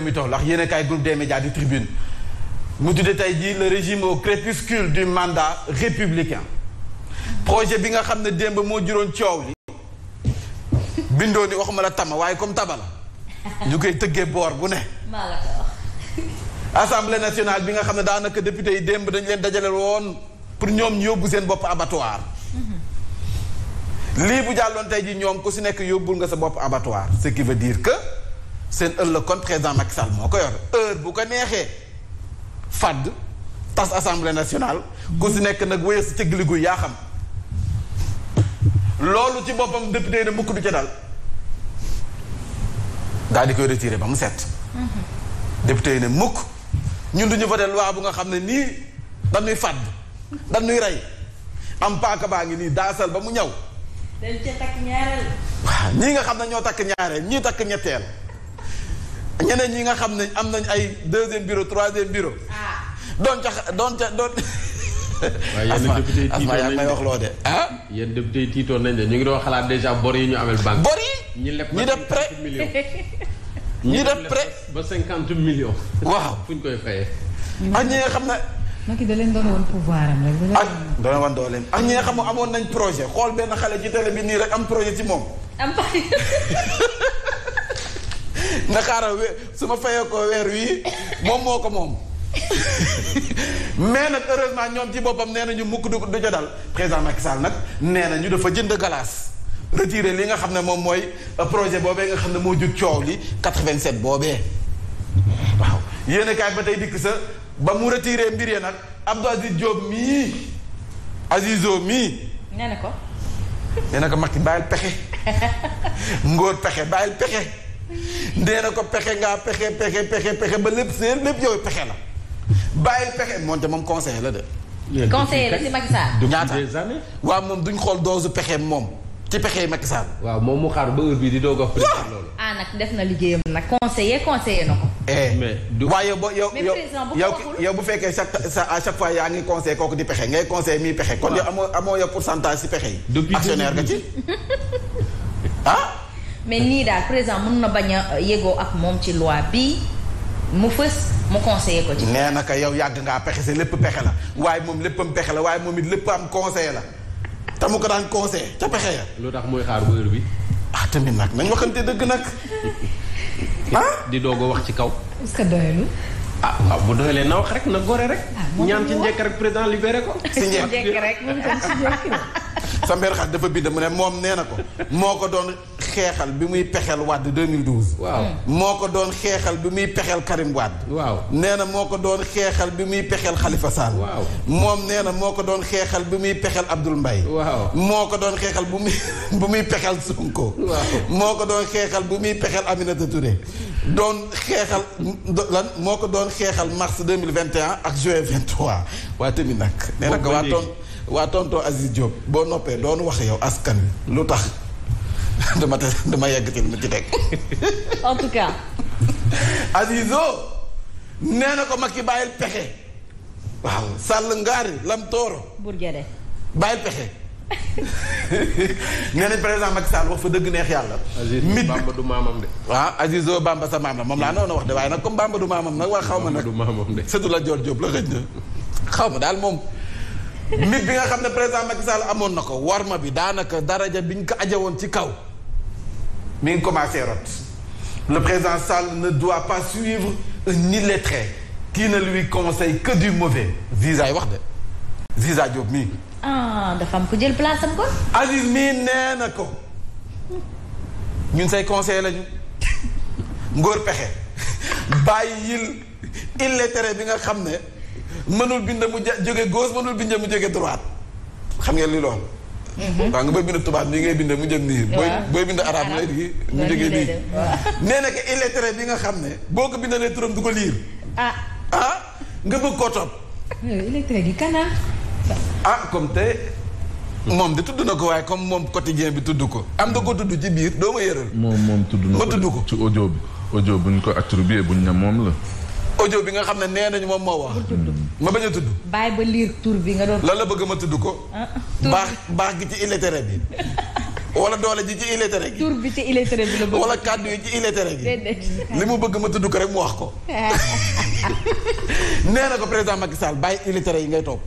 mi toll ak yéen kaay groupe des médias du tribune mu tudde tey jii le régime au crépuscule du mandat républicain projet bi nga xam ne démb moo juróon coow li bindoo ni waxuma la tama waaye comme tabala ñu koy tëggee boor bu ne assemblée nationale bi nga xam ne daanaka député yi démb dañu leen dajaleel woon pour ñoom ñu yóbbu seen bopp abattoir mhm. lii bu jàlloon tey ji ñoom ku si nekk yóbbul nga sa bopp abattoir ce qui veut dire que seen ëllëg kon président Macky Sall moo koy yor heure bu ko neexee fàdd tas assemblée nationale ku si nekk nag wéyal si cëgg liggéey yaa xam loolu ci boppam député yi ne mukk du ca dal daal di koy retiré ba mu set. Mhm. député yi ne mukk ñun duñu voté loi bu nga xam ne nii dañuy fàdd dañuy rey am paaka baa ngi nii daasal ba mu ñaw. dañ ñii nga xam ne ñoo takk ñaareel ñii takk ñetteel. ñeneen ñi nga xam ne am nañ ay deuxième bureau troisième bureau. Ah. doon ca doon ca doon. asma asma yaa ngi may wax loo de ah. yéen député yi tiitoon nañ de ñu ngi doo xalaat déjà bor yi ñu amel banque. bor yi ñu def prêt ñi def prêt ba cinquante millions. waaw fu ñu koy fayee. ak ñi nga xam na Macky da leen doon woon pouvoir am ak da leen woon dooleem ak ñee nga xam amoon nañ projet xool benn xale ci télé bi nii rek am projet ci moom. am Ndakaaru we su ma fayee ko weer wii moom moo ko moom mais nag heureusement ñoom ci boppam nee nañu mukk du du ca dal président Macky Sall nag nee ñu dafa jënd galaas retiré li nga xam ne moom mooy euh, projet boobee nga xam ne moo jur coow li 87 boobee waaw yéen kaay ba tey dikk sa ba mu retire mbir yee am Abdou Aziz Diop mii Azizo mii. nee ko. nee na ko Macky bàyyil pexe ngóor pexe bàyyil pexe. dee na ko pexe ngaa pexe pexe pexe ba lépp seen lépp yow pexe la bàyyi pexe moonte moom conseiller la de. conseiller la si Macky Sall. ñaata moom duñ xool doosu pexe moom ci pexe Macky Sall. waaw moom mu xaar ba heure bii di doog a. loolu ah nag def na liggéeyam nag. conseiller conseiller na ko. Eh, mais du waaye boo yow yow yow bu fekkee chaque fois yaa ngi conseil kooku di pexe ngay conseil miy pexe. kon yow amoo amoo yow pourcentage si pexe yi. actionnaire nga ci ah. mais nii daal président mën na bañ a yégoo ak moom ci loi bi mu fës mu conseiller ko ci. nee na yow yàgg ngaa pexe sa lépp pexe la waaye moom lépp léppam pexe la waaye moom it lépp am conseil la te mu ko daan conseil ca pexe ya. loolu tax mooy xaar wóor bi. ah tamit nag nañ waxante dëgg nag. ah di doog wax ci kaw. est-ce que doyul. ah waaw bu doyalee na wax rek na gore rek. Ah, ñaan ci njëkk rek président libéré ko. si njëkk rek moom itam si sa mbeer xas dafa bind mu ne moom nee na ko moo ko doon xeexal bi muy pexeel Wade 2012. waaw moo ko doon xeexal bi muy pexeel Karim Wade. waaw nee na moo ko doon xeexal bi muy pexeel Khalifa Sall. waaw moom nee na moo ko doon xeexal bi muy pexeel Abdoul Mbaye. waaw moo ko doon xeexal bu muy bu muy pexeel Sonko. moo ko doon xeexal bu muy pexeel Aminata Touré. moo ko doon. xeexal mars 2021 ak juin 23 waa tamit nag nee na ko waa ton waa tonton Aziz Diop boo noppee doonu wax yow askan wi lu tax dama te dama yegg ci lu ma ci teg en tout cas Azizo nee na ko Macky bàyyil pexe waaw sàll ngaari lam tooro bur jëre bàyyil pexe nee nañ président Macky Sall wax fa dëgg neex yàlla. mit Bamba du maamam de. waaw ah, Aziz oh, sa maam la moom laa noonu wax de waaye nag comme Bamba du maamam nag wax xaw ma nag. sëtu la Dior Diop la xëj na. xaw ma daal moom. mit bi nga xam ne président Macky Sall amoon na ko war ma bi daanaka daraja biñ ko ajewoon ci kaw. mi ngi commencé rot. le président Sall ne doit pas suivre un illettré qui ne lui conseille que du mauvais. zizaay wax de. Ziza Diop mii. ah dafa am ku jël place am kon. Aziz mii nee na ko ñun say conseil lañu ngóor pexe bàyyil tere bi nga xam ne mënul bind a mu je jóge gauche mënul bind mu jóge droite xam ngeen li lool mhm. waaw nga booy bind tubaab nii ngay bind mu jëm nii. booy booy bind arabe lay mu jógee nii. nee na ko illettré bi nga xam ne boo ko bindalee turam du ko liir. Ah. ah nga bëgg koo topp. illettré gi kanam. ah comme tey moom de tudd na ko waaye comme moom quotidien bi tudd ko am da ko tudd ci biir doo ma yëral. moom moom tudd na ko ma tudd ko ci audio bi. audio buñ ko attribué buñ ne moom la. audio nga xam ne nee nañu moom moo wax. ma bañ a tudd. bàyyi ba liir tur bi nga doon. lan la bëgg ma tudd ko. Ah, baax baax gi ci bi. wala doole ji ci illettré gi. tur bi ci illettré bi la bëgg. wala kàddu yi ci illettré gi. li mu bëgg ma tudd ko rek mu wax ko. nee na ko président Macky Sall bàyyi illettré yi ngay toog.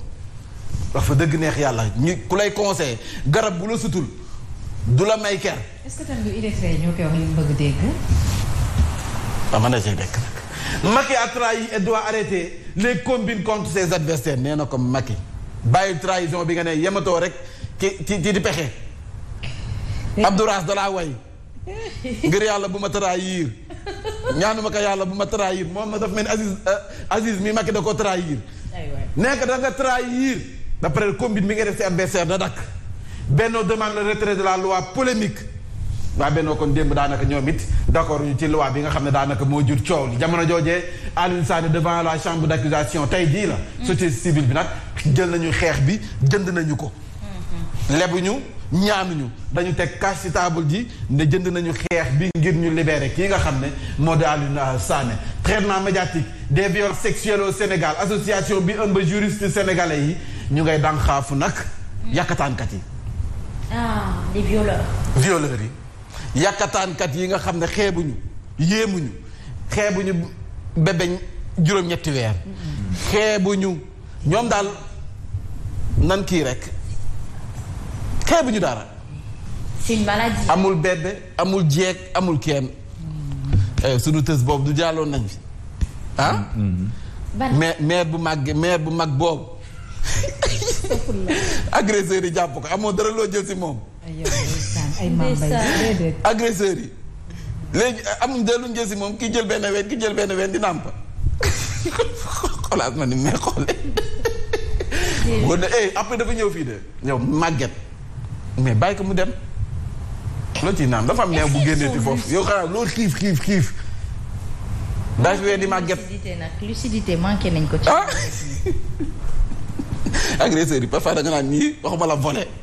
wax fa dëgg neex yàlla ñu ku lay conseillé garab bu la sutul du la may ker. est-ce que tam du IDFA ñoo koy wax li mu bëgg ah, arrêter les combines contre ses adversaires nee na ko Macky bàyyi trahison bi nga ne yematoo rek ci ci di pexe. Abdouraas dalaa way ngir yàlla bu ma trahir ñaanuma ko yàlla bu ma trahir moom ma daf mel ni Aziz euh, mi Macky da ko trahir. aywa ko da trahir. d'après le mi nga def ci adversaire da dakk Benno demande le retrait de la loi polémique waa Benno kon démb daanaka ñoom it d'accord ñu ci loi bi nga xam ne daanaka moo jur coow li jamono joojee Alioune Sane devant la chambre d'accusation tey jii la mm. société civile bi nag jël nañu xeex bi jënd nañu ko mm-hmm. lebuñu ñaanuñu dañu teg cash ci table ji ne jënd nañu xeex bi ngir ñu libérer kii nga xam ne moo di Alioune Sané traitement médiatique des violences sexuelles au Sénégal association bi ëmb juriste sénégalais yi ñu ngay daan xaafu nag yàkkataankat yi ah les yi yàkkataankat yi nga xam ne xeebuñu xeebu ñu bebeñ juróom-ñetti weer xeebuñu ñoom daal nan kii rekk rek ñu dara c'est une amul bébé amul jeeg amul kenn eh, sunu tës boobu du jàlloon nañ fi ah maire bu mag maire bu mag boobu agresseurs yi jàpp ko amoo dara loo jël si moom. ay yi léegi amuñ dara jël si moom ki jël benn ween ki jël benn ween di nàmpa xoolaat ma ni mais xoolee. bon de eh après dafa ñëw fii de ñëw màgget mais bàyyi ko mu dem. loo ciy naan dafa am neew bu génnee ci foofu yow xanaa loo xiif xiif xiif. daa di màgget lucidité nag lucidité nañ ko ci. Ah! agresseurs yi parfois da nga naan ñii waxuma la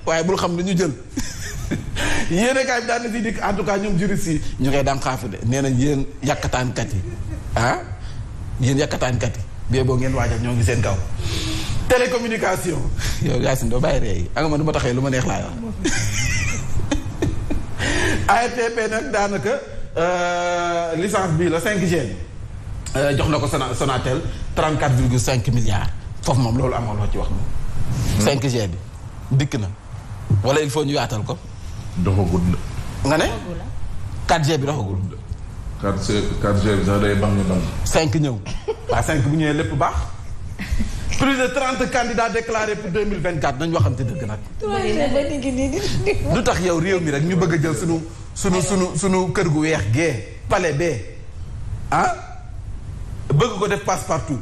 waaye bul xam lu ñu jël yéene kaay bi daan na si dikk en ñoom juriste yi ñu ngay dànqaafu de nee nañ yéen yàkkataankat yi ah yéen yi bee boo ngeen waajal ñoo ngi seen kaw télécommunication yow Yacine doo bàyyi ree yi anga ma taxee lu ma neex laay wax ARTP nag daanaka euh, licence bii la cinq g euh, jox na ko Sonatel 34 virgule 5 milliards foofu moom loolu amoon loo ci wax moom 5G bi dikk na wala il faut ñu yaatal ko. doxagul la. nga ne. 4G bi doxagul. 4G 4 bi sax day bang ñu bang. 5 ñëw waa 5 bu ñëwee lépp baax. plus de trente candidats déclarés pour deux mille vingt quatre nañu waxante dëgg nag. lu tax yow réew mi rek ñu bëgg a jël sunu sunu sunu sunu kër gu weex gee pale bee ah bëgg ko def passe partout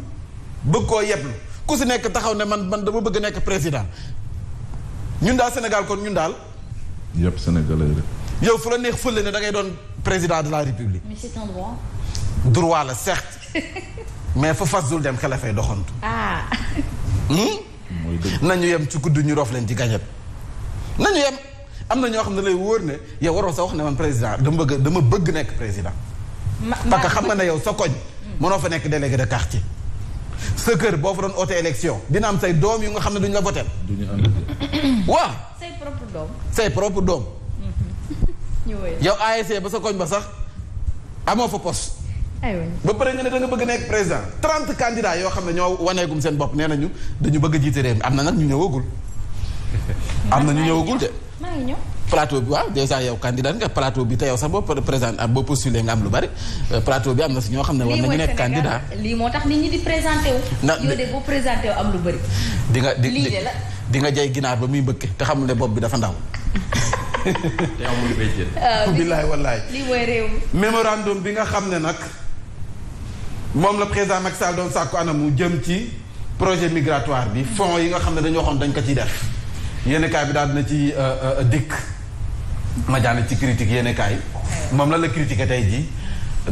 bëgg koo yeblu ku si nekk taxaw ne man man dama bëgg a nekk président ñun daal Sénégal kon ñun daal. yëpp sénégalais rek. yow fu la neex fële ne da ngay doon président de la république. mais c'est un droit. droit la certes mais fa fas dul dem xel fay doxantu. ah. Hmm? nañu yem ci gudd ñu roof leen ci gañet nañu yem am na ñoo xam ne lay wóor ne yow waroo sa wax ne man président dama bëgg dama bëgg nekk président. parce que xam nga ne yow sa koñ. Hmm. mënoo fa nekk délégué de quartier. sa kër boo fa doon oote élection dina am say doom yu nga xam ne duñ la voté. duñu waaw. say propre doom. say propre doom. yow ASC e ba sa koñ ba sax amoo fa poste. ba pare nga ne da bëgg nekk président trente candidats yoo xam ne ñoo waneegum seen bopp nee nañu dañu bëgg a jiite réew mi am na nag ñu ñëwagul. am na ñu ñëwagul de. plateau bi waaw déjà yow candidat nga plateau bi te yow sax boo présent ah boo postulé nga am lu bari euh, plateau bi am na si ñoo xam ne war nañu nekk candidat lii moo tax nit ñi di présenté wu. na yow de boo présenté am lu bari. di nga di nga jay ginaar ba muy mbëkke te xamul ne bopp bi dafa ndaw. te amul béjjén. Ah, billaay wallaay lii mooy réew mi. bi nga xam ne nag moom la président Macky Sall doon sàkku anam mu jëm ci projet migratoire bi fonds yi nga xam ne dañoo dañ ko ciy def. yéen bi daal dina ci euh, euh, dikk. ma jàll ci critique yenn kaay moom la la critiqué tey jii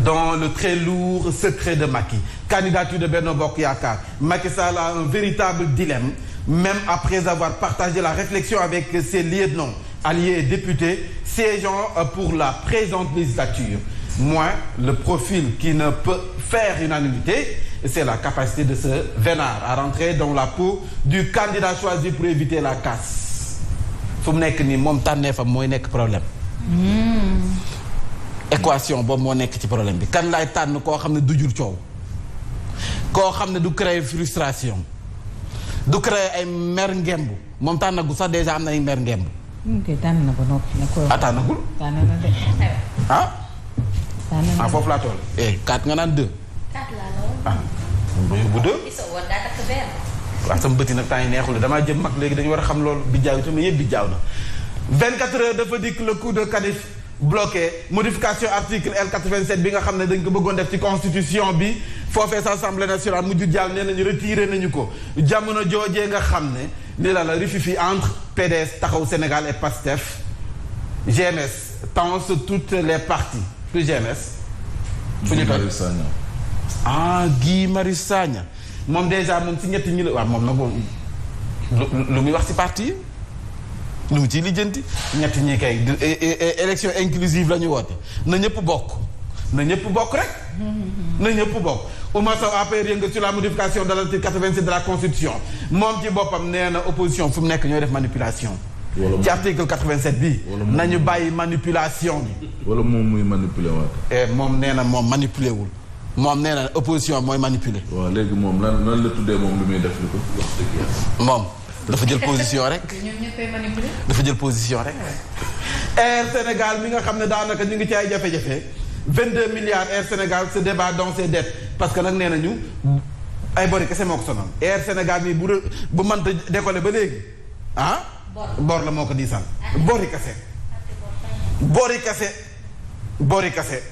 dans le très lourd secret de Macky candidature de Benno Bokk Yaakaar Macky Sall a un véritable dilemme même après avoir partagé la réflexion avec ses lieutenants alliés et députés siégeant pour la présente législature moins le profil qui ne peut faire unanimité c'est la capacité de ce vénard à rentrer dans la peau du candidat choisi pour éviter la casse fu mu nekk nii moom tànnee tànneefam mooy nekk problème. Hmm. équation boobu moo nekk ci problème bi kan lay tànn koo xam ne du jur coow. koo xam ne du créer frustration du créer ay mer ngemb moom tànnagu sax déjà am na ay mer ngemb. Hmm, tànn na ba noppi nag. ah tànnagul. tànn ah? Ah, foofu laa toll. eh nga naan 2. waaw sama bëti nag temps yi neexul damaa jëm mag léegi a xam loolu bi jaaw itam yëpp bi jaaw na 24 heures dafa dikk le coup de canif bloqué modification bi nga xam ne dañ ko bëggoon def ci constitution bi foofee sa assemblée nationale mujj jàll nee nañu ko jamono joojee nga xam ne ni la la rififi entre PDS taxaw Sénégal et PASTEF GMS tense toutes les parties plus GMS. fu ñu toll ah Guy Marius Sagna. moom déjà moom si ñetti ñi la waaw moom nag lu lu muy wax ci parti yi lu mu ciy lijjanti ñetti ñi kay élection inclusive la ñu woote na ñëpp bokk na ñëpp bokk rek na ñëpp bokk Oumar Sow APR yëngu sur la modification de l'article 86 de la constitution moom ci boppam nee na opposition fu mu nekk ñooy def manipulation ci article 87 bi ñu bàyyi manipulation wala moom muy manipuler waat eh, moom nee na moom manipuler wul moom nee na opposition mooy manipuler. waaw léegi moom lan la tuddee moom lu muy def lu ko moom dafa jël position rek. ñoom ñëppay dafa jël position rek. Air Sénégal mi nga xam ne daanaka ñu ngi ci ay jafe vingt deux milliards Air Sénégal se débat dans ses parce que nag nee nañu ay bori kese moo ko sonal Air Sénégal mi bu re bu mënta décoller ba léegi ah. bor la moo ko diisal. Ah. Ah, bori kese. bori kese. bori kese.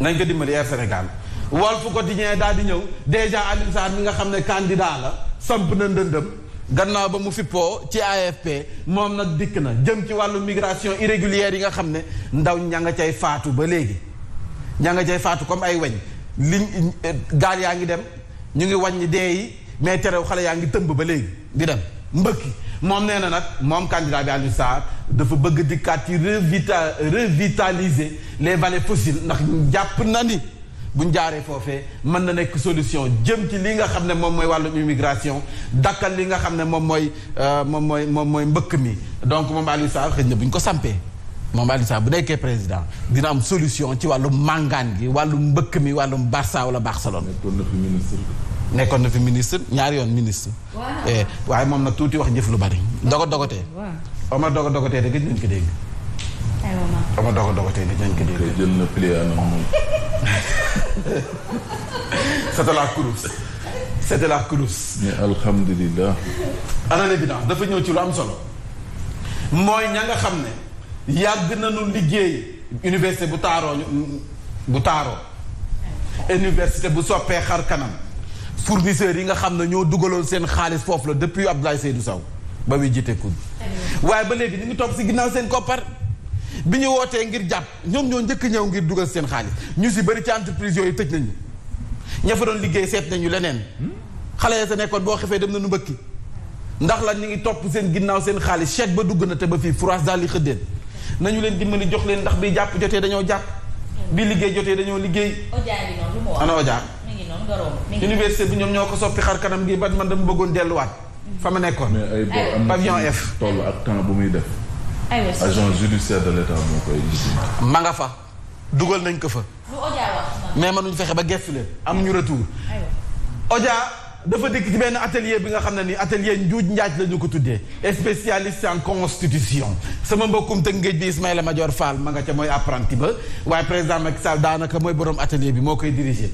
nañ ko dimbali Air Sénégal Walf Quotidien daal di ñëw déjà Alioune Sarr mi nga xam ne candidat la samp na ndëndëm gannaaw ba mu fippoo ci AFP moom nag dikk na jëm ci wàllu migration irrégulière yi nga xam ne ndaw ña nga cay faatu ba léegi ña nga cay faatu comme ay weñ liñ gaal yaa ngi dem ñu ngi wàññi dee yi mais terew xale yaa ngi tëmb ba léegi di dem mbëkki moom nee na nag moom candidat bi Alioune dafa bëgg di dikkaat yi revita revitaliser les vallées fossiles ndax jàpp na ni bu ñu jaaree foofee mën na nekk solution jëm ci li nga xam ne moom mooy wàllum immigration dakkal li nga xam ne moom mooy euh, moom mooy moom mooy mbëkk mi donc moom Aliou Sarr xëy na bu ñu ko sampee moom Aliou Sarr bu nekkee président dina am solution ci wàllum màngaan gi wàllum mbëkk mi wàllum Barça wala Barcelone. nekkoon na fi ministre. nekkoon na ministre ñaari yoon ministre. Eh, waaye moom na tuuti wax jëf lu bari. dogo dogotee Omar Dogo Dogo tey de gëj ki dégg. aywa ma Omar Dogo Dogo tey de gëj nañ ko dégg. jël na plié anam moom. c'était la course. c'était la course. mais alhamdulilah. année bi dafa ñëw ci lu am solo. mooy ña nga xam ne yàgg nañu liggéey université bu taaroo bu taaroo. université bu soppee xar kanam. fournisseurs yi nga xam ne ñoo dugaloon seen xaalis foofu la depuis Abdoulaye Seydou saw ba wi jiite kudd waaye ba léegi ñu ngi topp si ginnaaw seen koppar bi ñu wootee ngir jàpp ñoom ñoo njëkk ñëw ngir dugal seen xaalis ñu si bëri ci entreprise yooyu tëj nañu ña fa doon liggéey seet nañu leneen xale ya sa nekkoon boo xefee dem nañu mbëkki ndax la ñu ngi topp seen ginnaaw seen xaalis ba dugg na te ba fii France daal di xëddeen nañu leen dimbali jox leen ndax bi jàpp jotee dañoo jàpp bi liggéey jotee dañoo liggéey ana ojaar université bi ñoom ñoo ko soppi xar kanam gi ba man dama bëggoon delluwaat fa ma nekkoon. Eh. pavillon F toll ak temps bu muy def. Eh, agent judiciaire de l'état moo koy gis. ma nga fa dugal nañ ko fa. mais mënuñ fexe ba gëstu leen am ñu retour. Oja dafa dikk ci benn atelier bi nga xam ne ni atelier njuuj njaaj la ñu ko tuddee spécialiste en constitution sama mbokkum Tëngéej bi Ismaïla Madior Fall ma nga ca mooy apprenti ba waaye président Macky Sall daanaka mooy borom atelier bi moo koy diriger.